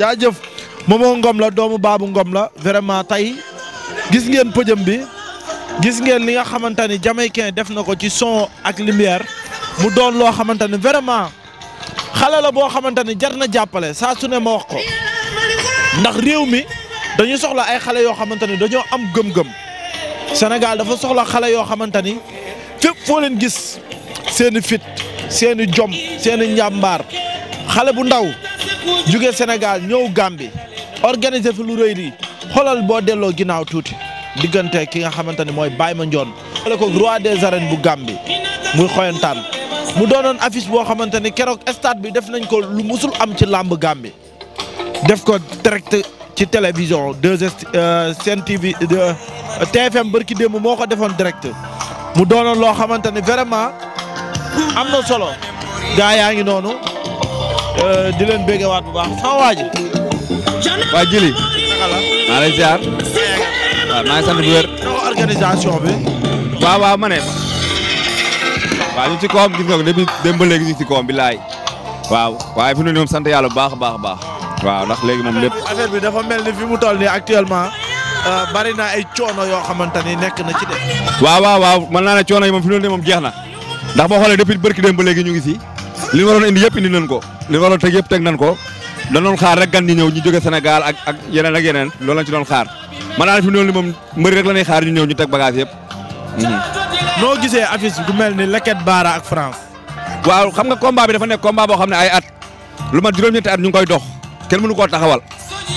jaajëf Momo Ngom la doomu baabu Ngom la vraiment tey gis ngeen pëjëm bi gis ngeen li nga xamante ni jamaïcain def na ko ci son ak lumière mu doon loo xamante ni vraiment xale la boo xamante ni jar na jàppale saa su ne ma wax ko ndax réew mi dañuy soxla ay xale yoo xamante ni dañoo am gëm-gëm Sénégal dafa soxla xale yoo xamante ni fépp foo leen gis seeni fit seeni jom seeni njàmbaar xale bu ndaw jóge Sénégal ñëw Gambie organiser fi lu rëy di xoolal boo delloo ginnaaw tuuti diggante ki nga xamante ne mooy Baye Mandione. xale ko roi des arènes bu bi muy xoyantaan mu doonoon affiche boo xamante ne keroog state bi def nañ ko lu musul am ci làmb Gambie def ko direct ci télévision 2S euh, Sen TV euh, TFM barki démb moo ko defoon direct mu doonoon loo xamante ne vraiment am na solo gaa yaa ngi noonu. Euh, di leen béggewaat bu baax sama waa ji. waa Jili. maa lay ziar. waaw maa ngi sant bu wér. organisation bi. waaw waaw ma ne. waaw ñu ci koom gis nga ko depuis démb ba léegi koom bi laay. waaw waaye fi mu ne moom sant yàlla bu baax baax baax. waaw ndax léegi mom lépp. affaire bi dafa mel ni fi mu toll nii actuellement. Euh, bari na ay coono yoo xamante ni nekk na ci de. waaw waaw waaw mën naa ne coono yi moom fi mu ne moom jeex na. ndax boo xoolee depuis bërki dem ba léegi ñu ngi si. li waroon indi yëpp indi nañ ko. li war a teg yëpp teg nañ ko danoon xaar rek gan ñi ñëw ñu jóge Sénégal ak ak yeneen ak yeneen loolu lañ ci doon xaar man daal fi mu ne moom mbëri rek la ñuy xaar ñu ñëw ñu teg bagage yëpp. Mhm. noo gisee affiche bu mel ni Leket Baara ak France. waaw xam nga combat bi dafa nekk combat boo xam ne ay at lu mat juróom-ñetti at ñu ngi koy dox kenn mënu koo taxawal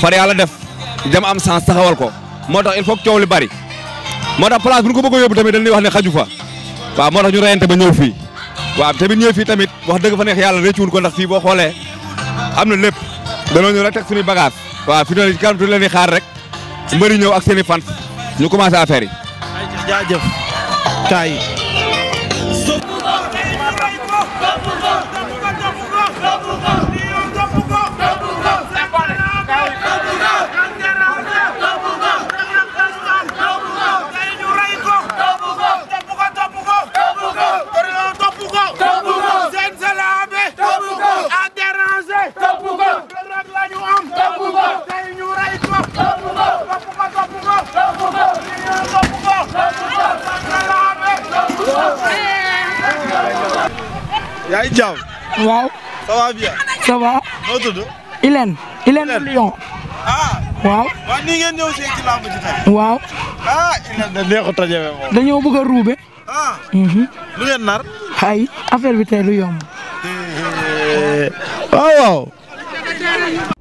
far yàlla def dem am sens taxawal ko moo tax il faut que coow li bari moo tax place bu ñu ko bëgg a yóbbu tamit wax ne xaju fa waaw moo tax ñu reyante ba ñëw fii waaw tamit ñëw fii tamit wax dëgg fa ne yàlla rëccuwul ko ndax fii boo xoolee am na lépp danoo ñëw rek teg suñuy bagage waaw fi noonu kanam tuuti leen di xaar rek mbëri ñëw ak seen i fan ñu commencé affaire yi. jaajëf kaay. yaa ngi jàmm. waaw. ça va bien. ça va. noo tudd. Ah. waaw. waaw ah, dañoo bëgg a ruube. ah. Mhm. lu ngeen nar. ay bi tey lu yomb. Eh, eh. waaw waaw.